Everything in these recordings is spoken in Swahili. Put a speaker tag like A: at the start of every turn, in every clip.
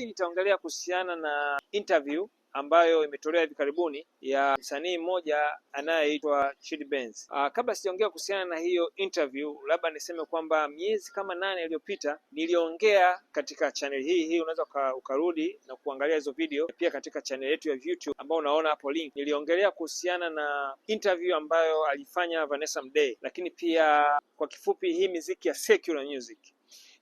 A: hii nitaongelea kuhusiana na interview ambayo imetolewa hivi karibuni ya msanii mmoja anayeitwa Chidi Benz. Ah, kabla sijaongea kuhusiana na hiyo interview, labda niseme kwamba miezi kama nane iliyopita niliongea katika channel hii hii, unaweza ukarudi na kuangalia hizo video, pia katika channel yetu ya YouTube ambayo unaona hapo link. Niliongelea kuhusiana na interview ambayo alifanya Vanessa Mdee, lakini pia kwa kifupi hii miziki ya secular music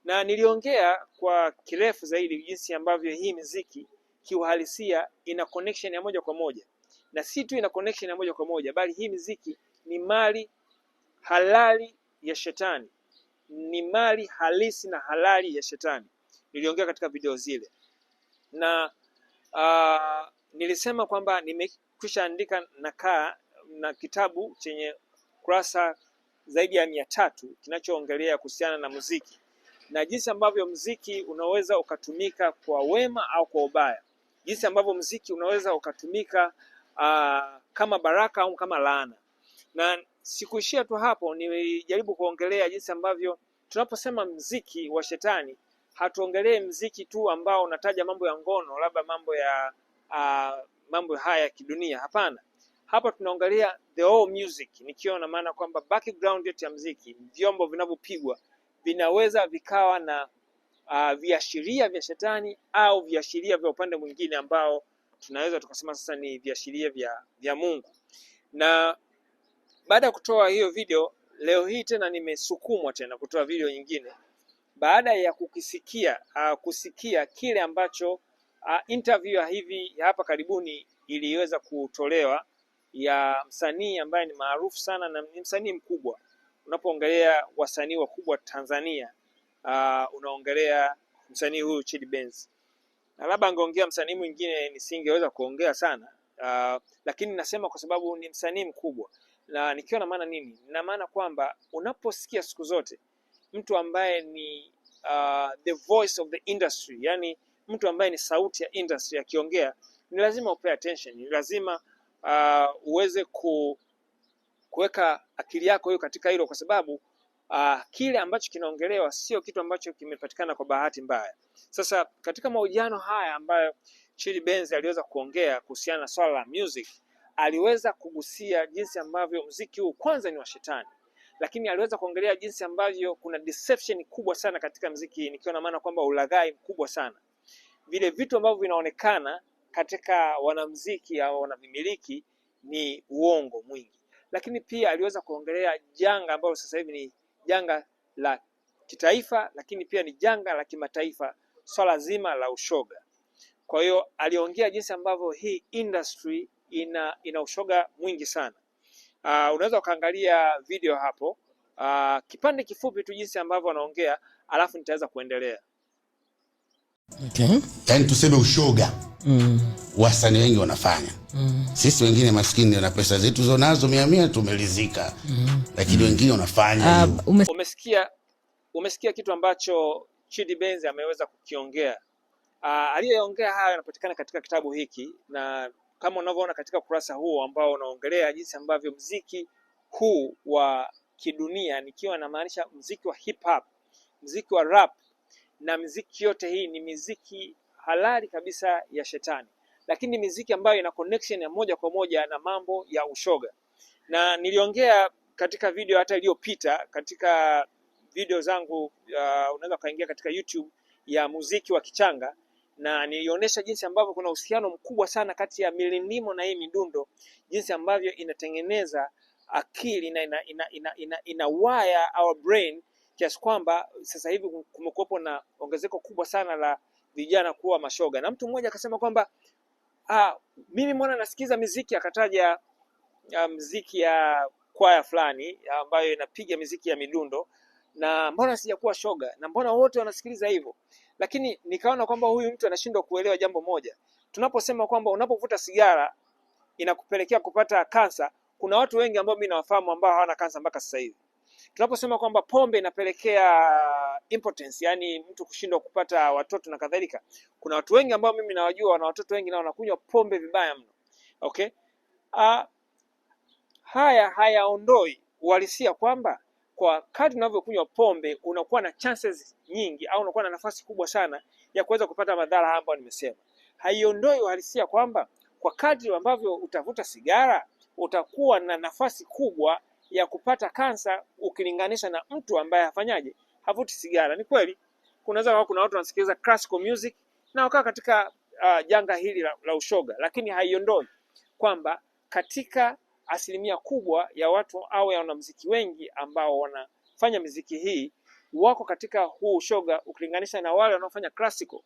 A: na niliongea kwa kirefu zaidi jinsi ambavyo hii miziki kiuhalisia ina connection ya moja kwa moja, na si tu ina connection ya moja kwa moja, bali hii miziki ni mali halali ya shetani, ni mali halisi na halali ya shetani. Niliongea katika video zile na uh, nilisema kwamba nimekwisha andika nakaa na kitabu chenye kurasa zaidi ya mia tatu kinachoongelea kuhusiana na muziki na jinsi ambavyo mziki unaweza ukatumika kwa wema au kwa ubaya, jinsi ambavyo mziki unaweza ukatumika uh, kama baraka au kama laana. Na sikuishia tu hapo, nijaribu kuongelea jinsi ambavyo tunaposema mziki wa shetani hatuongelee mziki tu ambao unataja mambo ya ngono, labda mambo ya uh, mambo haya ya kidunia. Hapana, hapa tunaongelea the whole music, nikiwa na maana kwamba background yote ya mziki, vyombo vinavyopigwa vinaweza vikawa na uh, viashiria vya shetani au viashiria vya upande mwingine ambao tunaweza tukasema sasa ni viashiria vya, vya Mungu. Na baada ya kutoa hiyo video leo hii tena nimesukumwa tena kutoa video nyingine baada ya kukisikia uh, kusikia kile ambacho uh, interview ya hivi ya hapa karibuni iliweza kutolewa ya msanii ambaye ni maarufu sana na ni msanii mkubwa unapoongelea wasanii wakubwa Tanzania uh, unaongelea msanii huyu Chidi Benz, na labda angeongea msanii mwingine nisingeweza kuongea sana uh, lakini nasema kwa sababu ni msanii mkubwa, na nikiwa na maana nini? Na maana kwamba unaposikia siku zote mtu ambaye ni uh, the voice of the industry, yani mtu ambaye ni sauti ya industry akiongea, ni lazima upe attention, ni lazima uh, uweze ku kuweka akili yako hiyo katika hilo, kwa sababu uh, kile ambacho kinaongelewa sio kitu ambacho kimepatikana kwa bahati mbaya. Sasa katika mahojiano haya ambayo Chidi Benz aliweza kuongea kuhusiana na swala la music, aliweza kugusia jinsi ambavyo mziki huu kwanza ni wa shetani, lakini aliweza kuongelea jinsi ambavyo kuna deception kubwa sana katika mziki hii, nikiwa na maana kwamba ulaghai mkubwa sana, vile vitu ambavyo vinaonekana katika wanamziki au wanavimiliki ni uongo mwingi lakini pia aliweza kuongelea janga ambalo sasa hivi ni janga la kitaifa, lakini pia ni janga la kimataifa, swala so zima la ushoga. Kwa hiyo aliongea jinsi ambavyo hii industry ina, ina ushoga mwingi sana. Uh, unaweza ukaangalia video hapo uh, kipande kifupi tu jinsi ambavyo anaongea, alafu nitaweza kuendelea
B: okay. Yaani tuseme ushoga mm wasanii wengi wanafanya mm. Sisi wengine maskini na pesa zetu zonazo mia mia tumelizika mm. Lakini mm. wengine wanafanya
A: uh, ume... umesikia, umesikia kitu ambacho Chidi Benz ameweza kukiongea. Uh, aliyeongea hayo yanapatikana katika kitabu hiki na kama unavyoona katika ukurasa huo ambao unaongelea jinsi ambavyo mziki huu wa kidunia, nikiwa namaanisha mziki wa hip hop, mziki wa rap na mziki yote hii ni miziki halali kabisa ya shetani lakini ni miziki ambayo ina connection ya moja kwa moja na mambo ya ushoga, na niliongea katika video hata iliyopita katika video zangu uh, unaweza ukaingia katika YouTube ya muziki wa kichanga na nilionyesha jinsi ambavyo kuna uhusiano mkubwa sana kati ya milindimo na hii midundo, jinsi ambavyo inatengeneza akili na ina, ina, ina, ina, ina wire our brain kiasi kwamba sasa hivi kumekuwepo na ongezeko kubwa sana la vijana kuwa mashoga, na mtu mmoja akasema kwamba ah, mimi mwana nasikiza miziki, akataja ah, mziki ya kwaya fulani ambayo inapiga miziki ya midundo, na mbona sijakuwa shoga, na mbona wote wanasikiliza hivyo. Lakini nikaona kwamba huyu mtu anashindwa kuelewa jambo moja, tunaposema kwamba unapovuta sigara inakupelekea kupata kansa, kuna watu wengi ambao mimi nawafahamu ambao hawana kansa mpaka sasa hivi. Tunaposema kwamba pombe inapelekea impotence, yani mtu kushindwa kupata watoto na kadhalika, kuna watu wengi ambao mimi nawajua wana watoto wengi na wanakunywa pombe vibaya mno. Okay, uh, haya hayaondoi uhalisia kwamba kwa kadri unavyokunywa pombe unakuwa na chances nyingi au unakuwa na nafasi kubwa sana ya kuweza kupata madhara ambayo nimesema. Haiondoi uhalisia kwamba kwa kadri ambavyo utavuta sigara utakuwa na nafasi kubwa ya kupata kansa ukilinganisha na mtu ambaye hafanyaje, havuti sigara. Ni kweli kunaweza kuwa kuna watu wanasikiliza classical music na wakawa katika uh, janga hili la, la ushoga, lakini haiondoi kwamba katika asilimia kubwa ya watu au ya wanamuziki wengi ambao wanafanya miziki hii wako katika huu ushoga ukilinganisha na wale wanaofanya classical.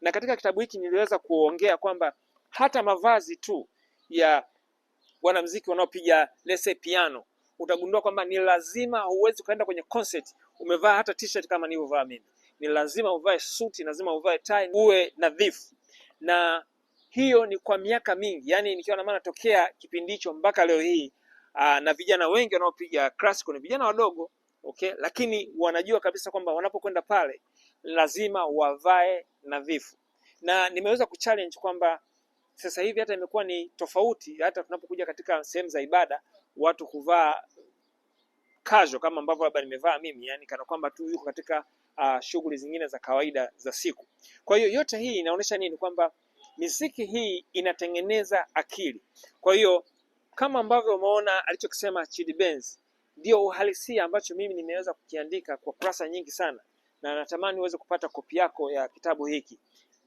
A: Na katika kitabu hiki niliweza kuongea kwamba hata mavazi tu ya wanamuziki wanaopiga lese piano utagundua kwamba ni lazima, huwezi ukaenda kwenye concert umevaa hata t-shirt kama nilivyovaa mimi. Ni lazima uvae suti, lazima uvae tai, uwe nadhifu. Na hiyo ni kwa miaka mingi, yaani nikiwa na maana tokea kipindi hicho mpaka leo hii. Aa, na vijana wengi wanaopiga classical ni vijana wadogo okay, lakini wanajua kabisa kwamba wanapokwenda pale lazima wavae nadhifu, na nimeweza kuchallenge kwamba sasa hivi hata imekuwa ni tofauti, hata tunapokuja katika sehemu za ibada watu kuvaa kazo kama ambavyo labda nimevaa mimi, yani kana kwamba tu yuko katika uh, shughuli zingine za kawaida za siku. Kwa hiyo yote hii inaonyesha nini? Kwamba miziki hii inatengeneza akili. Kwa hiyo kama ambavyo umeona alichokisema Chidi Benz ndio uhalisia ambacho mimi nimeweza kukiandika kwa kurasa nyingi sana, na natamani uweze kupata kopi yako ya kitabu hiki,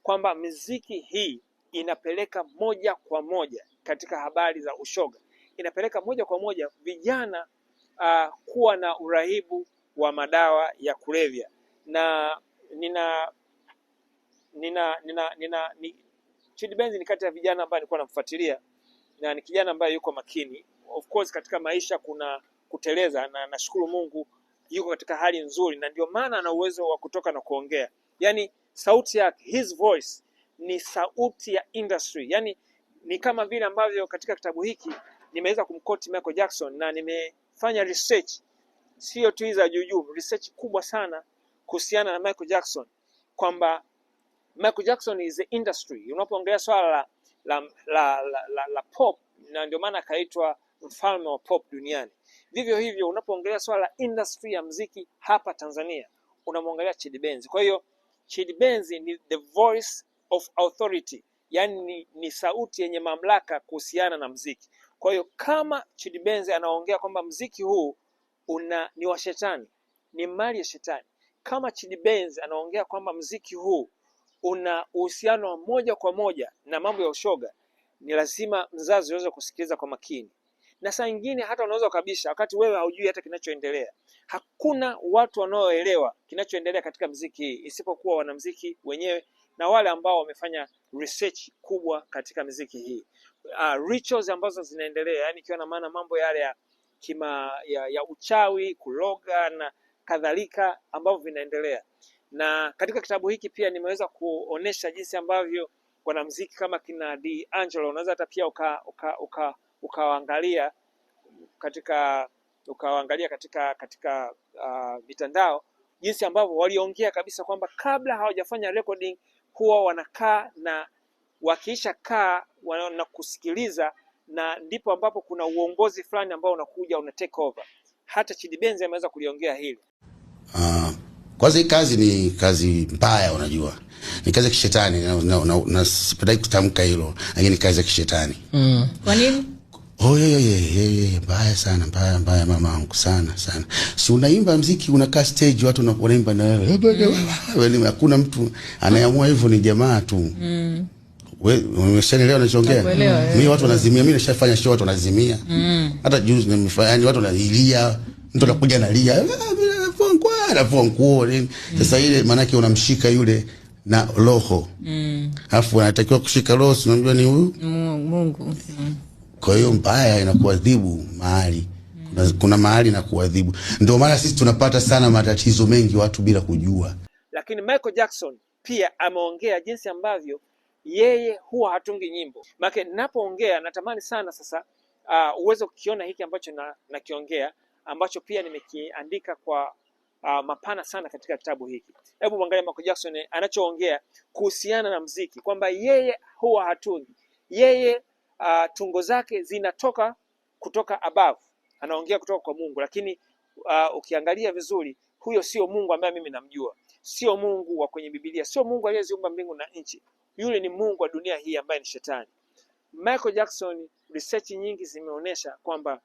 A: kwamba miziki hii inapeleka moja kwa moja katika habari za ushoga, inapeleka moja kwa moja vijana uh, kuwa na urahibu wa madawa ya kulevya na nina nina nina, nina ni, Chidi Benz ni kati ya vijana ambaye nilikuwa namfuatilia na ni kijana ambaye yuko makini. Of course katika maisha kuna kuteleza, na nashukuru Mungu yuko katika hali nzuri, na ndio maana ana uwezo wa kutoka na kuongea. Yani sauti yake, his voice ni sauti ya industry, yani ni kama vile ambavyo katika kitabu hiki nimeweza kumkoti Michael Jackson na nimefanya research sio tu za juujuu, research kubwa sana kuhusiana na Michael Jackson kwamba Michael Jackson is the industry. Unapoongelea swala la, la, la, la, la, la pop, na ndio maana akaitwa mfalme wa pop duniani. Vivyo hivyo unapoongelea swala la industry ya mziki hapa Tanzania unamwangalia Chidi Benz. Kwa hiyo Chidi Benz ni the voice of authority, yani ni, ni sauti yenye mamlaka kuhusiana na mziki. Kwa hiyo kama Chidi Benze anaongea kwamba mziki huu una ni wa shetani, ni mali ya shetani, kama Chidi Benze anaongea kwamba mziki huu una uhusiano wa moja kwa moja na mambo ya ushoga, ni lazima mzazi uweze kusikiliza kwa makini, na saa nyingine hata unaweza ukabisha wakati wewe haujui hata kinachoendelea. Hakuna watu wanaoelewa kinachoendelea katika mziki hii isipokuwa wanamziki wenyewe na wale ambao wamefanya research kubwa katika mziki hii uh, rituals ambazo zinaendelea, yani ikiwa na maana mambo yale ya kima ya, ya uchawi, kuloga na kadhalika ambavyo vinaendelea. Na katika kitabu hiki pia nimeweza kuonesha jinsi ambavyo wanamziki kama kina D'Angelo unaweza hata pia ukaangalia uka, uka, uka katika ukaangalia katika katika uh, mitandao uh, jinsi ambavyo waliongea kabisa kwamba kabla hawajafanya recording huwa wanakaa na Wakiisha kaa wana kusikiliza, na ndipo ambapo kuna uongozi fulani ambao unakuja una take over. Hata Chidi Benzi ameweza kuliongea hili.
B: Uh, kwanza hii kazi ni kazi mbaya, unajua ni kazi ya kishetani na, na, na, na sipendi kutamka hilo, lakini kazi ya kishetani
C: mm. Kwa nini?
B: Oh, ye, ye, ye, mbaya sana, mbaya mbaya, mama wangu sana sana. Si unaimba mziki unakaa stage, watu wanaimba na wewe, mm. hakuna mtu anayeamua hivyo, ni jamaa tu mm wewe umeshanielewa ninachoongea? Mimi mm. eh. watu wanazimia, mimi nishafanya show watu wanazimia. Mm. Hata juzi nimefanya, yani watu wanalia, mtu anakuja analia, Kwa ah, anafua nguo nini. Mm. Sasa ile maana yake unamshika yule na roho. Mm. Alafu anatakiwa kushika roho, unamjua ni huyu? Mungu. Kwa hiyo mbaya inakuadhibu mahali. Kuna, kuna mahali na kuadhibu. Ndio maana sisi tunapata sana matatizo mengi watu bila kujua.
A: Lakini Michael Jackson pia ameongea jinsi ambavyo yeye huwa hatungi nyimbo. Maana ninapoongea natamani sana sasa uh, uweze kukiona hiki ambacho nakiongea na ambacho pia nimekiandika kwa uh, mapana sana katika kitabu hiki. Hebu mwangalie Michael Jackson anachoongea kuhusiana na mziki kwamba yeye huwa hatungi yeye, uh, ah, tungo zake zinatoka kutoka above, anaongea kutoka kwa Mungu, lakini uh, ukiangalia vizuri huyo sio Mungu ambaye mimi namjua sio Mungu wa kwenye Biblia, sio Mungu aliyeziumba mbingu na nchi. Yule ni Mungu wa dunia hii ambaye ni Shetani. Michael Jackson, research nyingi zimeonyesha kwamba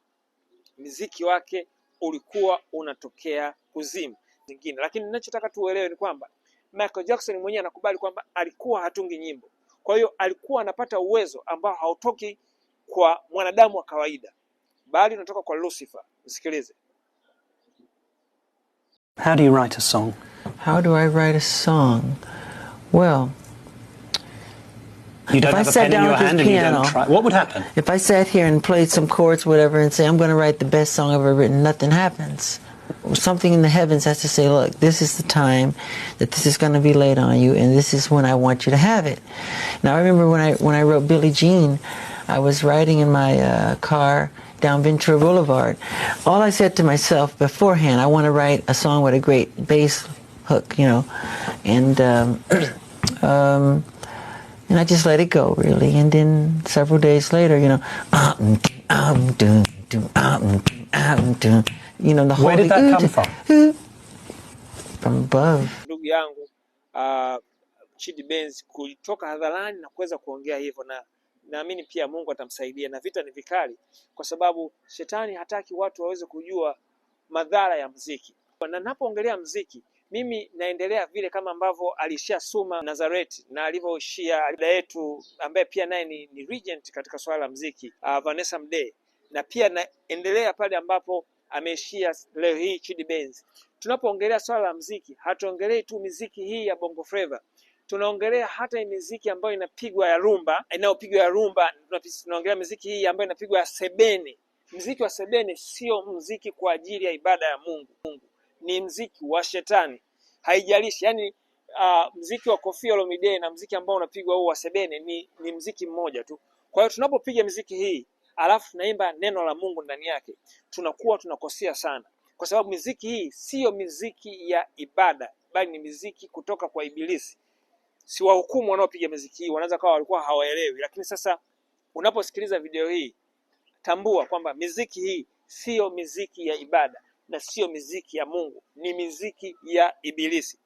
A: mziki wake ulikuwa unatokea kuzimu zingine, lakini ninachotaka tuelewe ni kwamba Michael Jackson mwenyewe anakubali kwamba alikuwa hatungi nyimbo, kwa hiyo alikuwa anapata uwezo ambao hautoki kwa mwanadamu wa kawaida, bali unatoka kwa Lucifer. Msikilize.
D: How do you write a song?
E: How do I write a song? Well, you don't if have I sat pen down at this piano, try, what would happen? If I sat here and played some chords, whatever, and say, I'm going to write the best song I've ever written, nothing happens. Something in the heavens has to say, look, this is the time that this is going to be laid on you, and this is when I want you to have it. Now, I remember when I, when I wrote Billie Jean, I was riding in my uh, car down Ventura Boulevard. All I said to myself beforehand, I want to write a song with a great bass hook, you know, and um, um, and I just let it go really. And then several days later, you know, um, um,
D: um, you know the whole. Where did that come from?
E: From above.
A: Ndugu yangu uh, Chidi Benz kutoka hadharani na kuweza kuongea hivyo na naamini pia Mungu atamsaidia, na vita ni vikali, kwa sababu shetani hataki watu waweze kujua madhara ya mziki. Na napoongelea mziki mimi naendelea vile kama ambavyo aliishia Suma Nazareti na alivyoshia dada yetu ambaye pia naye ni, ni regent katika swala la mziki uh, Vanessa Mdee na pia naendelea pale ambapo ameishia leo hii Chidi Benz. Tunapoongelea swala la mziki, hatuongelei tu miziki hii ya Bongo Flava, tunaongelea hata miziki ambayo inapigwa ya rumba, inayopigwa ya rumba, tunaongelea miziki hii ambayo inapigwa ya sebene. Mziki wa sebene sio mziki kwa ajili ya ibada ya Mungu. Mungu ni mziki wa shetani, haijalishi yani uh, mziki wa Koffi Olomide na mziki ambao unapigwa huu wa Sebene ni, ni mziki mmoja tu. Kwa hiyo tunapopiga mziki hii alafu tunaimba neno la Mungu ndani yake, tunakuwa tunakosea sana, kwa sababu miziki hii siyo miziki ya ibada, bali ni miziki kutoka kwa Ibilisi. Si wahukumu wanaopiga miziki hii, wanaweza kawa walikuwa hawaelewi, lakini sasa unaposikiliza video hii, tambua kwamba miziki hii siyo miziki ya ibada, na siyo miziki ya Mungu, ni miziki ya Ibilisi.